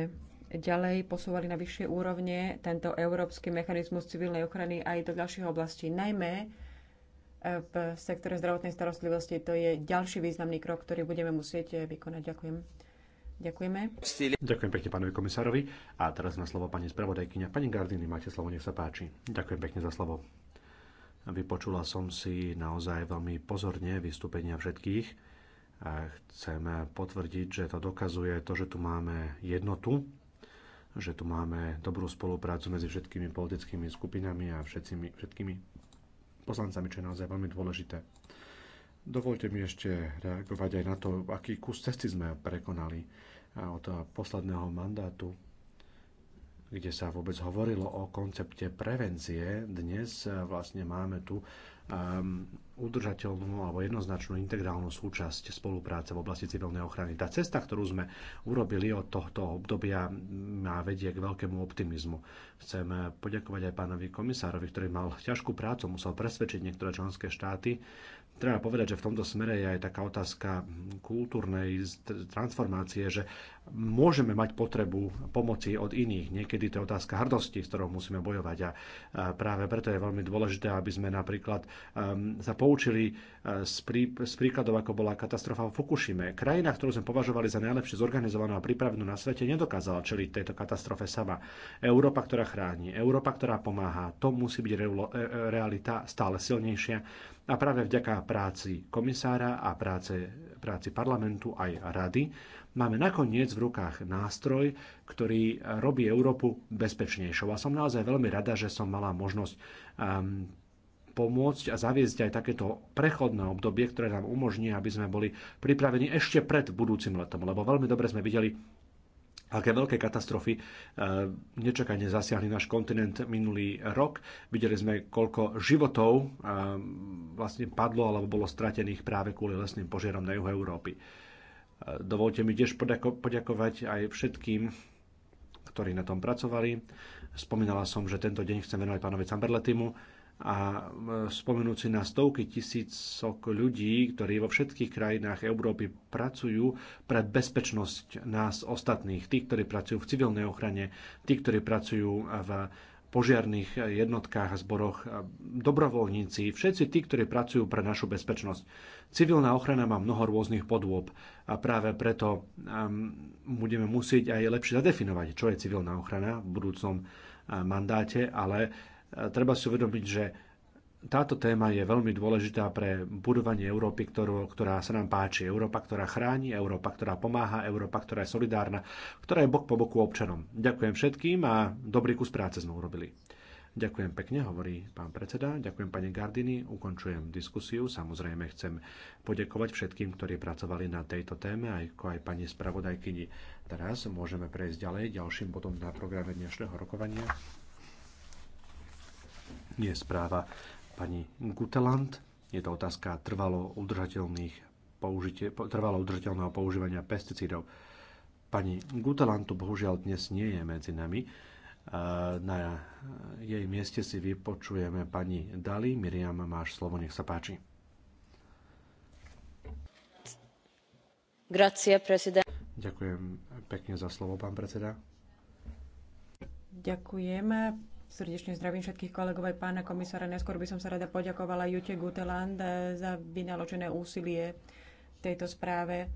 Speaker 3: ďalej posúvali na vyššie úrovne tento európsky mechanizmus civilnej ochrany aj do ďalších oblastí, najmä v sektore zdravotnej starostlivosti. To je ďalší významný krok, ktorý budeme musieť eh, vykonať. Ďakujem. Ďakujeme.
Speaker 2: Ďakujem pekne pánovi komisárovi. A teraz má slovo pani spravodajkyňa. Pani Gardini, máte slovo, nech sa páči. Ďakujem pekne za slovo. Vypočula som si naozaj veľmi pozorne vystúpenia všetkých. A chcem potvrdiť, že to dokazuje to, že tu máme jednotu, že tu máme dobrú spoluprácu medzi všetkými politickými skupinami a všetkými, všetkými poslancami, čo je naozaj veľmi dôležité. Dovolte mi ešte reagovať aj na to, aký kus cesty sme prekonali od posledného mandátu kde sa vôbec hovorilo o koncepte prevencie. Dnes e, vlastne máme tu um, udržateľnú alebo jednoznačnú integrálnu súčasť spolupráce v oblasti civilnej ochrany. Tá cesta, ktorú sme urobili od tohto obdobia, má vedie k veľkému optimizmu. Chcem e, poďakovať aj pánovi komisárovi, ktorý mal ťažkú prácu, musel presvedčiť niektoré členské štáty. Treba povedať, že v tomto smere je aj taká otázka kultúrnej transformácie, že môžeme mať potrebu pomoci od iných. Niekedy to je otázka hrdosti, s ktorou musíme bojovať a práve preto je veľmi dôležité, aby sme napríklad ehm, sa poučili e, z, prí, z príkladov, ako bola katastrofa v Fukushime. Krajina, ktorú sme považovali za najlepšie zorganizovanú a pripravenú na svete, nedokázala čeliť tejto katastrofe sama. Európa, ktorá chráni, Európa, ktorá pomáha, to musí byť e, e, realita stále silnejšia a práve vďaka práci komisára a práce, práci parlamentu aj rady Máme nakoniec v rukách nástroj, ktorý robí Európu bezpečnejšou. A som naozaj veľmi rada, že som mala možnosť um, pomôcť a zaviesť aj takéto prechodné obdobie, ktoré nám umožní, aby sme boli pripravení ešte pred budúcim letom, lebo veľmi dobre sme videli, aké veľké katastrofy ehm, nečakane zasiahli náš kontinent minulý rok. Videli sme, koľko životov ehm, vlastne padlo alebo bolo stratených práve kvôli lesným požiarom na juhu Európy. Dovolte mi tiež poďako- poďakovať aj všetkým, ktorí na tom pracovali. Spomínala som, že tento deň chcem venovať pánovi Camberletimu a e, spomenúci na stovky tisícok ľudí, ktorí vo všetkých krajinách Európy pracujú pre bezpečnosť nás ostatných, tí, ktorí pracujú v civilnej ochrane, tí, ktorí pracujú v požiarných jednotkách a zboroch, e, dobrovoľníci, všetci tí, ktorí pracujú pre našu bezpečnosť. Civilná ochrana má mnoho rôznych podôb a práve preto um, budeme musieť aj lepšie zadefinovať, čo je civilná ochrana v budúcom uh, mandáte, ale uh, treba si uvedomiť, že táto téma je veľmi dôležitá pre budovanie Európy, ktorú, ktorá sa nám páči. Európa, ktorá chráni, Európa, ktorá pomáha, Európa, ktorá je solidárna, ktorá je bok po boku občanom. Ďakujem všetkým a dobrý kus práce sme urobili. Ďakujem pekne, hovorí pán predseda. Ďakujem pani Gardini. Ukončujem diskusiu. Samozrejme chcem poďakovať všetkým, ktorí pracovali na tejto téme, ako aj pani spravodajkyni. Teraz môžeme prejsť ďalej ďalším bodom na programe dnešného rokovania. Je správa pani Guteland. Je to otázka trvalo udržateľných použite, trvalo udržateľného používania pesticídov. Pani Guteland tu bohužiaľ dnes nie je medzi nami, na jej mieste si vypočujeme pani Dali. Miriam, máš slovo, nech sa páči.
Speaker 3: Grazie, prezident.
Speaker 2: Ďakujem pekne za slovo, pán predseda.
Speaker 3: Ďakujem. Srdečne zdravím všetkých kolegov aj pána komisára. Neskôr by som sa rada poďakovala Jute Guteland za vynaložené úsilie v tejto správe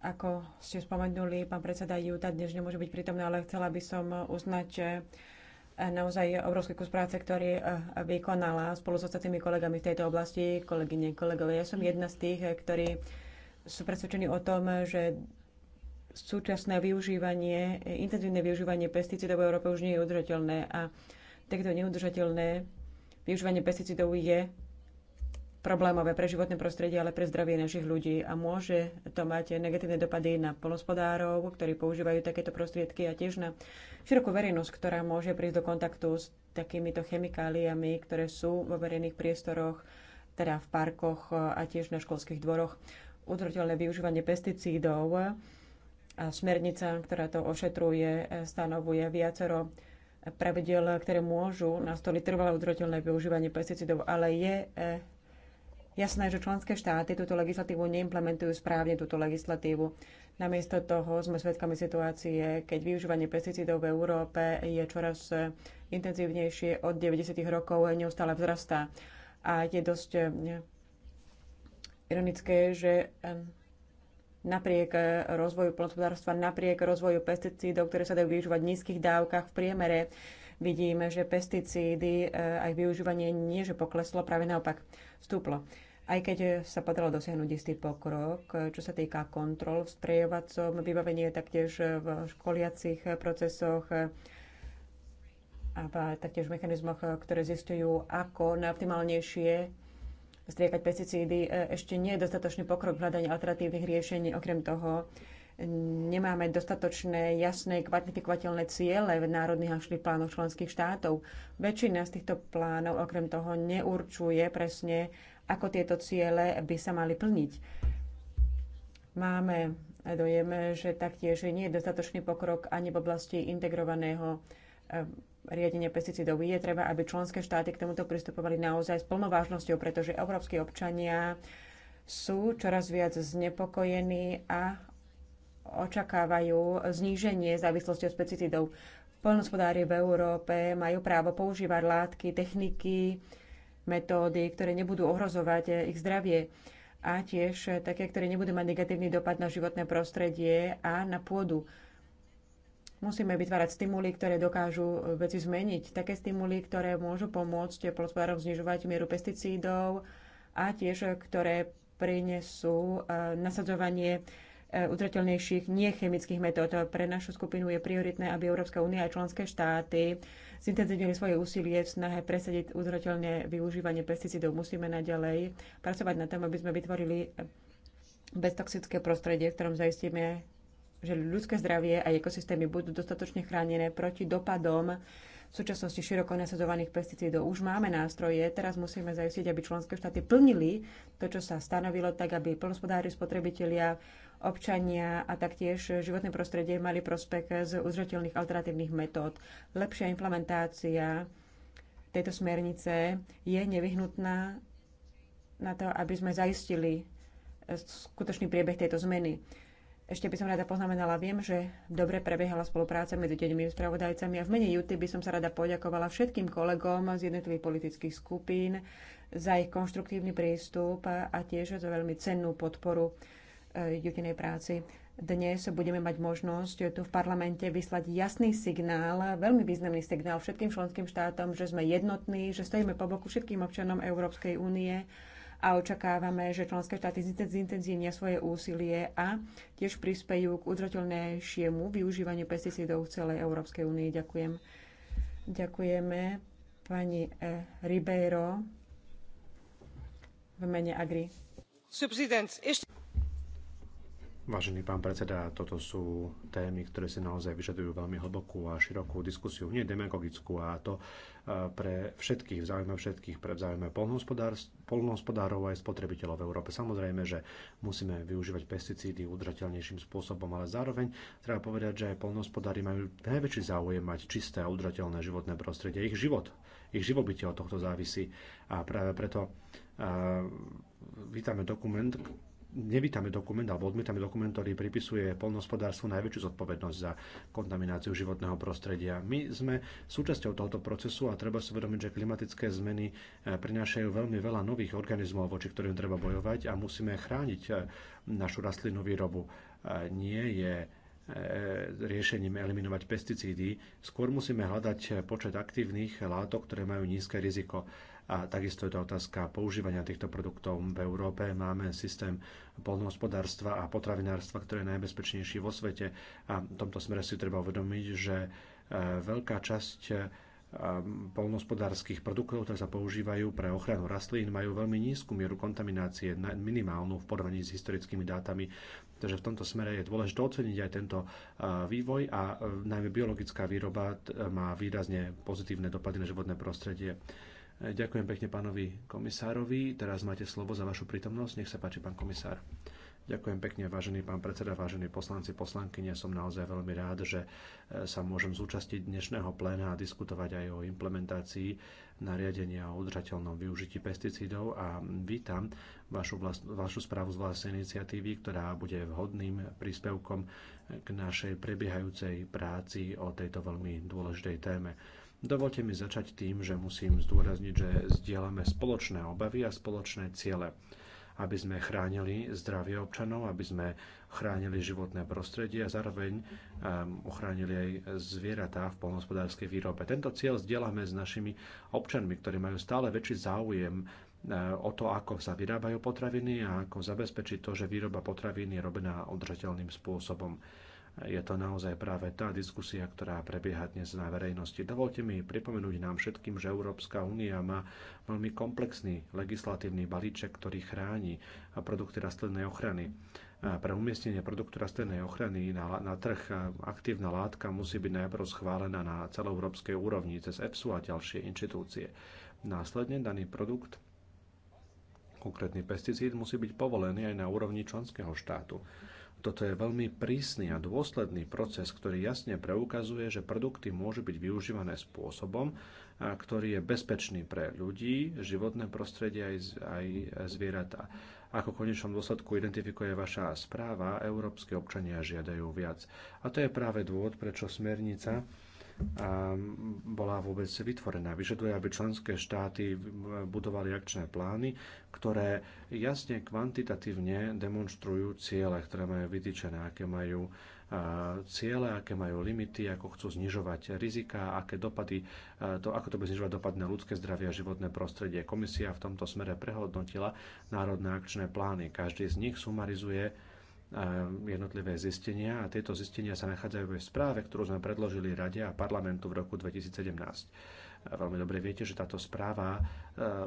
Speaker 3: ako ste spomenuli, pán predseda Juta dnes nemôže byť prítomný, ale chcela by som uznať eh, naozaj obrovský kus práce, ktorý eh, vykonala spolu s ostatnými kolegami v tejto oblasti, kolegyne, kolegovia. Ja som jedna z tých, eh, ktorí sú presvedčení o tom, že súčasné využívanie, intenzívne využívanie pesticídov v Európe už nie je udržateľné a takto neudržateľné využívanie pesticídov je problémové pre životné prostredie, ale pre zdravie našich ľudí a môže to mať negatívne dopady na polospodárov, ktorí používajú takéto prostriedky a tiež na širokú verejnosť, ktorá môže prísť do kontaktu s takýmito chemikáliami, ktoré sú vo verejných priestoroch, teda v parkoch e, a tiež na školských dvoroch. Udržateľné využívanie pesticídov e, a smernica, ktorá to ošetruje, e, stanovuje viacero pravidel, ktoré môžu nastoliť trvalé udržateľné využívanie pesticidov, ale je Jasné, že členské štáty túto legislatívu neimplementujú správne, túto legislatívu. Namiesto toho sme svedkami situácie, keď využívanie pesticídov v Európe je čoraz eh, intenzívnejšie od 90. rokov, neustále vzrastá. A je dosť eh, ironické, že napriek eh, rozvoju plnospodárstva, napriek rozvoju pesticídov, ktoré sa dajú využívať v nízkych dávkach v priemere, vidíme, že pesticídy, aj využívanie nie, že pokleslo, práve naopak stúplo aj keď eh, sa podarilo dosiahnuť istý pokrok, eh, čo sa týka kontrol v sprejovacom vybavení, taktiež eh, v školiacich procesoch a v taktiež v mechanizmoch, ktoré zistujú, ako najoptimálnejšie striekať pesticídy. Ešte nie je dostatočný pokrok v hľadaní alternatívnych riešení. Okrem toho, nemáme dostatočné, jasné, kvantifikovateľné ciele v národných akčných plánoch členských štátov. Väčšina z týchto plánov okrem toho neurčuje presne, ako tieto ciele by sa mali plniť. Máme dojem, že taktiež nie je dostatočný pokrok ani v oblasti integrovaného eh, riadenia pesticidov. Je treba, aby členské štáty k tomuto pristupovali naozaj s plnou vážnosťou, pretože európsky občania sú čoraz viac znepokojení a očakávajú zníženie závislosti od pesticidov. Polnospodári v Európe majú právo používať látky, techniky, metódy, ktoré nebudú ohrozovať eh, ich zdravie a tiež eh, také, ktoré nebudú mať negatívny dopad na životné prostredie a na pôdu. Musíme vytvárať stimuly, ktoré dokážu eh, veci zmeniť. Také stimuly, ktoré môžu pomôcť polospodárom znižovať mieru pesticídov a tiež, ktoré prinesú nasadzovanie udržateľnejších nechemických metód. Pre našu skupinu je prioritné, aby Európska únia a členské štáty zintenzívnili svoje úsilie v snahe presadiť udržateľné využívanie pesticídov. Musíme naďalej pracovať na tom, aby sme vytvorili beztoxické prostredie, v ktorom zaistíme, že ľudské zdravie a ekosystémy budú dostatočne chránené proti dopadom v súčasnosti široko nasadzovaných pesticídov. Už máme nástroje, teraz musíme zajistiť, aby členské štáty plnili to, čo sa stanovilo, tak aby plnospodári, spotrebitelia, občania a taktiež životné prostredie mali prospech z uzrateľných alternatívnych metód. Lepšia implementácia tejto smernice je nevyhnutná na to, aby sme zaistili skutočný priebeh tejto zmeny. Ešte by som rada poznamenala, viem, že dobre prebiehala spolupráca medzi tednými spravodajcami a v mene Juty by som sa rada poďakovala všetkým kolegom z jednotlivých politických skupín za ich konštruktívny prístup a tiež za veľmi cennú podporu Eh, Jutinej práci. Dnes budeme mať možnosť tu v parlamente vyslať jasný signál, veľmi významný signál všetkým členským štátom, že sme jednotní, že stojíme po boku všetkým občanom Európskej únie a očakávame, že členské štáty zintenzívnia svoje úsilie a tiež prispejú k udržateľnejšiemu využívaniu pesticídov v celej Európskej únii. Ďakujem. Ďakujeme pani eh, Ribeiro v mene Agri.
Speaker 1: Ešte...
Speaker 2: Vážený pán predseda, toto sú témy, ktoré si naozaj vyžadujú veľmi hlbokú a širokú diskusiu, nie demagogickú a to e, pre všetkých, v záujme všetkých, pre záujme polnohospodárov aj spotrebiteľov v Európe. Samozrejme, že musíme využívať pesticídy udržateľnejším spôsobom, ale zároveň treba povedať, že aj polnohospodári majú najväčší záujem mať čisté a udržateľné životné prostredie. Ich život, ich živobytie od tohto závisí a práve preto e, vítame dokument, nevítame dokument alebo odmietame dokument, ktorý pripisuje poľnohospodárstvu najväčšiu zodpovednosť za kontamináciu životného prostredia. My sme súčasťou tohoto procesu a treba si uvedomiť, že klimatické zmeny eh, prinášajú veľmi veľa nových organizmov, voči ktorým treba bojovať a musíme chrániť eh, našu rastlinnú výrobu. Nie je eh, riešením eliminovať pesticídy, skôr musíme hľadať počet aktívnych látok, ktoré majú nízke riziko. A takisto je to otázka používania týchto produktov v Európe. Máme systém polnohospodárstva a potravinárstva, ktoré je najbezpečnejší vo svete. A v tomto smere si treba uvedomiť, že e, veľká časť e, polnospodárských produktov, ktoré sa používajú pre ochranu rastlín, majú veľmi nízku mieru kontaminácie, minimálnu v porovnaní s historickými dátami. Takže v tomto smere je dôležité oceniť aj tento e, vývoj a najmä biologická výroba má výrazne pozitívne dopady na životné prostredie. Ďakujem pekne pánovi komisárovi. Teraz máte slovo za vašu prítomnosť. Nech sa páči, pán komisár. Ďakujem pekne, vážený pán predseda, vážení poslanci, poslankyne. Som naozaj veľmi rád, že e, sa môžem zúčastiť dnešného pléna a diskutovať aj o implementácii nariadenia o udržateľnom využití pesticídov a vítam vašu, vlast, vašu správu z vlastnej iniciatívy, ktorá bude vhodným príspevkom k našej prebiehajúcej práci o tejto veľmi dôležitej téme. Dovolte mi začať tým, že musím zdôrazniť, že zdieľame spoločné obavy a spoločné ciele aby sme chránili zdravie občanov, aby sme chránili životné prostredie a zároveň ehm, ochránili aj zvieratá v poľnohospodárskej výrobe. Tento cieľ zdieľame s našimi občanmi, ktorí majú stále väčší záujem ehm, o to, ako sa vyrábajú potraviny a ako zabezpečiť to, že výroba potravín je robená udržateľným spôsobom je to naozaj práve tá diskusia, ktorá prebieha dnes na verejnosti. Dovolte mi pripomenúť nám všetkým, že Európska únia má veľmi komplexný legislatívny balíček, ktorý chráni produkty rastlinnej ochrany. Pre umiestnenie produktu rastlinnej ochrany na, na trh aktívna látka musí byť najprv schválená na celoeurópskej úrovni cez EPSU a ďalšie inštitúcie. Následne daný produkt Konkrétny pesticíd musí byť povolený aj na úrovni členského štátu. Toto je veľmi prísny a dôsledný proces, ktorý jasne preukazuje, že produkty môžu byť využívané spôsobom, ktorý je bezpečný pre ľudí, životné prostredie aj, aj zvieratá. Ako konečnom dôsledku identifikuje vaša správa, európske občania žiadajú viac. A to je práve dôvod, prečo smernica bola vôbec vytvorená. Vyžaduje, aby členské štáty budovali akčné plány, ktoré jasne kvantitatívne demonstrujú ciele, ktoré majú vytýčené, aké majú ciele, aké majú limity, ako chcú znižovať rizika, aké dopady, to, ako to bude znižovať dopad na ľudské zdravie a životné prostredie. Komisia v tomto smere prehodnotila národné akčné plány. Každý z nich sumarizuje jednotlivé zistenia a tieto zistenia sa nachádzajú aj v správe, ktorú sme predložili Rade a parlamentu v roku 2017. A veľmi dobre viete, že táto správa e,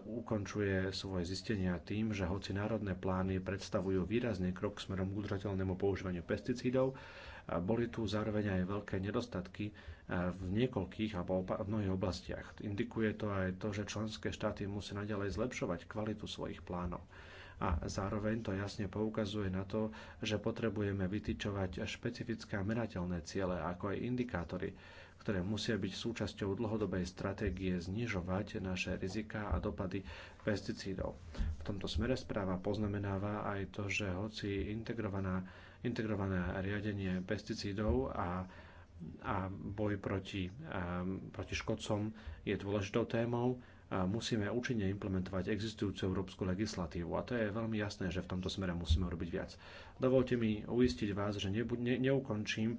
Speaker 2: ukončuje svoje zistenia tým, že hoci národné plány predstavujú výrazný krok smerom k udržateľnému používaniu pesticídov, boli tu zároveň aj veľké nedostatky e, v niekoľkých alebo v mnohých oblastiach. Indikuje to aj to, že členské štáty musia naďalej zlepšovať kvalitu svojich plánov a zároveň to jasne poukazuje na to, že potrebujeme vytýčovať špecifické a merateľné ciele, ako aj indikátory, ktoré musia byť súčasťou dlhodobej stratégie znižovať naše riziká a dopady pesticídov. V tomto smere správa poznamenáva aj to, že hoci integrovaná, integrované riadenie pesticídov a a boj proti, a, ehm, proti škodcom je dôležitou témou musíme účinne implementovať existujúcu európsku legislatívu a to je veľmi jasné, že v tomto smere musíme robiť viac. Dovolte mi uistiť vás, že nebu- ne- neukončím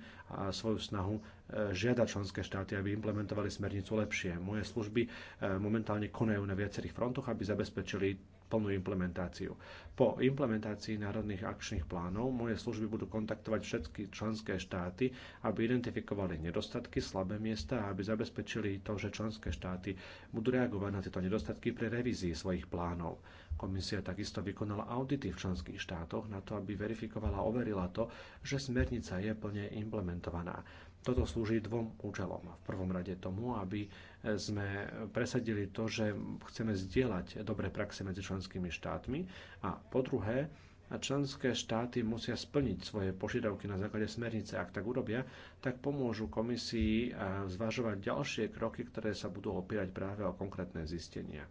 Speaker 2: svoju snahu e, žiadať členské štáty, aby implementovali smernicu lepšie. Moje služby e, momentálne konajú na viacerých frontoch, aby zabezpečili plnú implementáciu. Po implementácii národných akčných plánov moje služby budú kontaktovať všetky členské štáty, aby identifikovali nedostatky, slabé miesta a aby zabezpečili to, že členské štáty budú reagovať na tieto nedostatky pri revízii svojich plánov. Komisia takisto vykonala audity v členských štátoch na to, aby verifikovala a overila to, že smernica je plne implementovaná. Toto slúži dvom účelom. V prvom rade tomu, aby e, sme presadili to, že chceme zdieľať dobré praxe medzi členskými štátmi a po druhé, a členské štáty musia splniť svoje požiadavky na základe smernice. Ak tak urobia, tak pomôžu komisii e, zvažovať ďalšie kroky, ktoré sa budú opierať práve o konkrétne zistenia.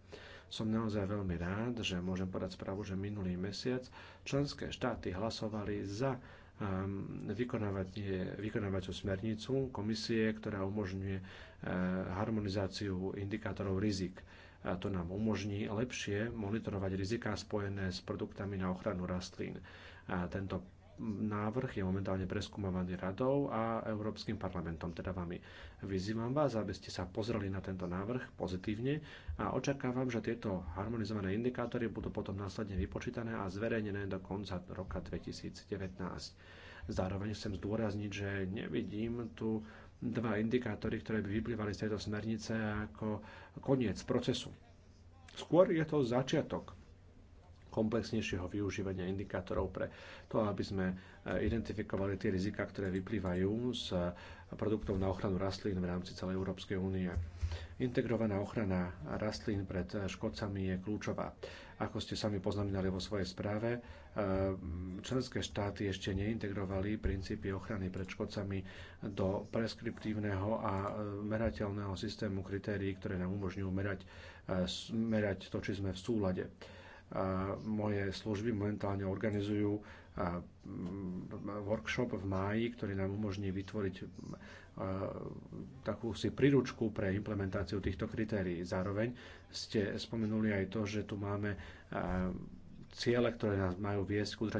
Speaker 2: Som naozaj veľmi rád, že môžem podať správu, že minulý mesiac členské štáty hlasovali za Ehm, vykonávať, vykonávať smernicu komisie, ktorá umožňuje eh, harmonizáciu indikátorov rizik. to nám umožní lepšie monitorovať riziká spojené s produktami na ochranu rastlín. tento návrh je momentálne preskúmavaný radou a Európskym parlamentom, teda vami. Vyzývam vás, aby ste sa pozreli na tento návrh pozitívne a očakávam, že tieto harmonizované indikátory budú potom následne vypočítané a zverejnené do konca roka 2019. Zároveň chcem zdôrazniť, že nevidím tu dva indikátory, ktoré by vyplývali z tejto smernice ako koniec procesu. Skôr je to začiatok komplexnejšieho využívania indikátorov pre to, aby sme e, identifikovali tie rizika, ktoré vyplývajú z produktov na ochranu rastlín v rámci celej Európskej únie. Integrovaná ochrana rastlín pred škodcami je kľúčová. Ako ste sami poznamenali vo svojej správe, e, členské štáty ešte neintegrovali princípy ochrany pred škodcami do preskriptívneho a e, merateľného systému kritérií, ktoré nám umožňujú merať, merať to, či sme v súlade moje služby momentálne organizujú workshop v máji, ktorý nám umožní vytvoriť takú si príručku pre implementáciu týchto kritérií. Zároveň ste spomenuli aj to, že tu máme ciele, ktoré nás majú viesť k